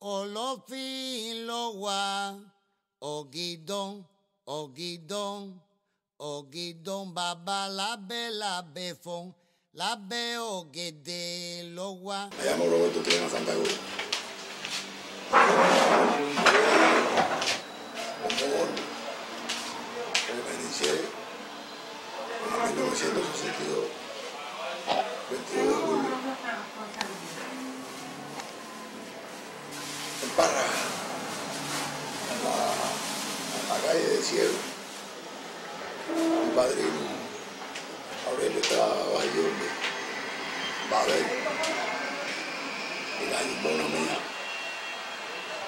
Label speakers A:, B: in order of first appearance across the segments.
A: olófin ló wà ògìdán ògìdán ògìdán bàbá lábẹ́ lábẹ́ fún lábẹ́ ọ̀gẹ̀dẹ̀ ló wà. àyàmọ̀ Roberto tó yẹn fanta yóò. ọmọ ẹni iṣẹ́ ẹni iṣẹ́ lọ́sọ̀ọ́sẹ̀ kí ọ bẹ́ẹ̀ tí para a la, calle de Cielo, Mi padrino, Aurelio de Babel, y la hermana mía,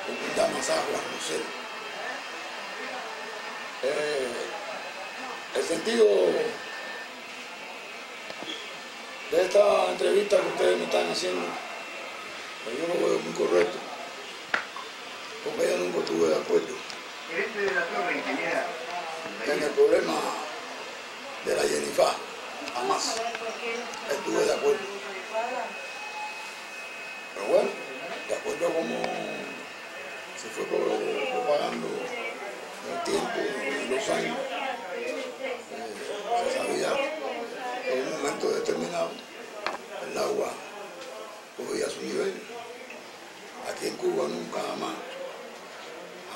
A: con damas aguas, no sé. Eh, el sentido de esta entrevista que ustedes me están haciendo, yo lo veo muy correcto porque yo nunca estuve de acuerdo. Este de la torre, ingeniera. En el problema de la Yenifá, jamás estuve de acuerdo. Pero bueno, de acuerdo a se fue propagando el tiempo en los años, eh, se sabía que en un momento determinado el agua cogía su nivel. Aquí en Cuba nunca más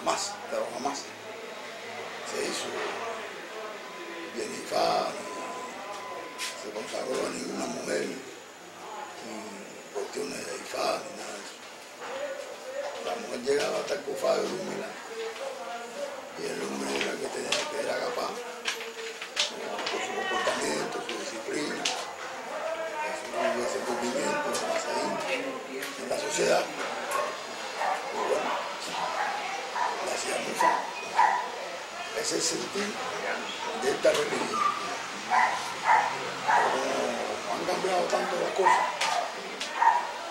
A: más, pero más. Se hizo bien no se consagró a ninguna mujer ni cuestiones de IFA ni nada de eso. La mujer llegaba hasta el cofado de un y el hombre era el que tenía que Ese es el sentir de esta religión. han cambiado tanto las cosas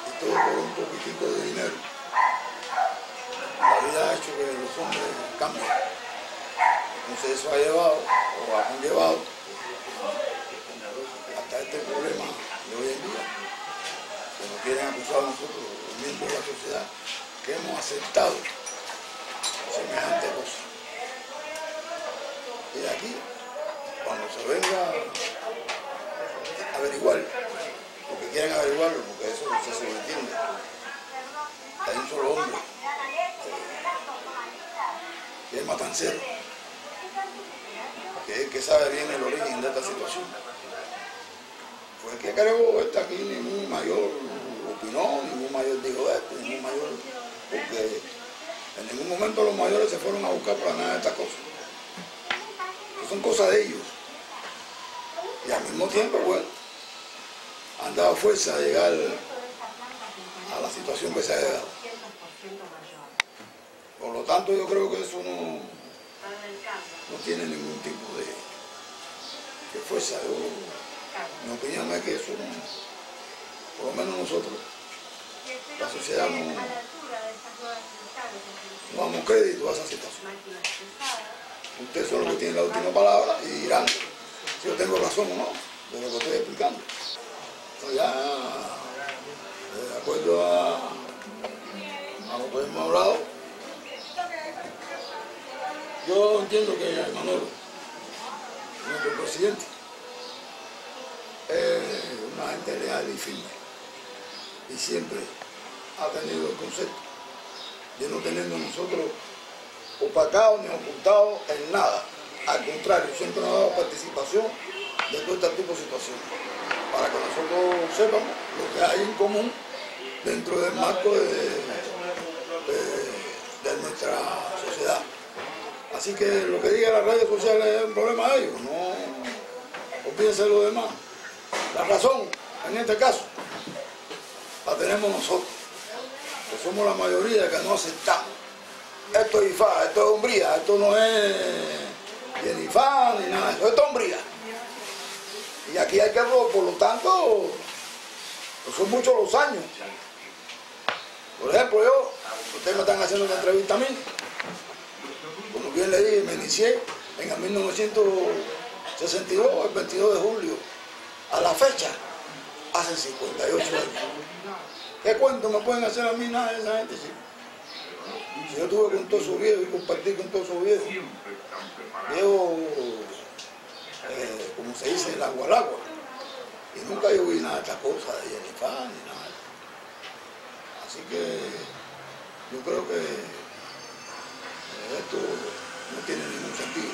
A: y todo por un poquitito de dinero. La vida ha hecho que los hombres cambien. Entonces eso ha llevado, o han llevado, hasta este problema de hoy en día. Que nos quieren acusar nosotros, los miembros de la sociedad, que hemos aceptado y aquí, cuando se venga a averiguar lo que quieran averiguarlo, porque eso no se entiende, Hay un solo hombre eh, que es matancero, que, que sabe bien el origen de esta situación. Pues que creo está aquí ningún mayor opinó, ningún mayor dijo esto, ningún mayor, en ningún momento los mayores se fueron a buscar para nada de estas cosas. son cosas de ellos. Y al mismo tiempo, bueno, han dado fuerza a llegar a la situación que se ha dado. Por lo tanto, yo creo que eso no, no tiene ningún tipo de, fuerza. mi opinión es que eso, por lo menos nosotros, la sociedad no Vamos crédito a esa situación. Ustedes son los que tiene la última palabra y dirán si yo tengo razón o no de lo que estoy explicando. Ya, eh, de acuerdo a, a lo que hemos hablado, yo entiendo que Manolo, nuestro presidente, es una gente leal y firme y siempre ha tenido el concepto de no teniendo nosotros opacados ni ocultados en nada. Al contrario, siempre nos ha dado participación de todo este tipo de situaciones, para que nosotros sepamos lo que hay en común dentro del marco de, nuestra sociedad. Así que lo que diga las redes sociales es un problema de ellos, no olvídense lo demás. La razón, en este caso, la tenemos nosotros. Pues somos la mayoría que no aceptamos. Esto es IFA, esto es hombría, esto no es ni IFA ni nada, esto es hombría. Y aquí hay que robar, por lo tanto, pues son muchos los años. Por ejemplo, yo, ustedes me están haciendo una entrevista a mí, como bien le dije, me inicié en 1962, el 22 de julio, a la fecha, hace 58 años. Cuánto me pueden hacer a mí nada de esa gente? si Yo tuve con todos su viejos y compartí con todo su viejos. yo eh, como se dice, el agua al agua, Y nunca yo vi nada de esta cosa de ni nada. Así que yo creo que esto no tiene ningún sentido.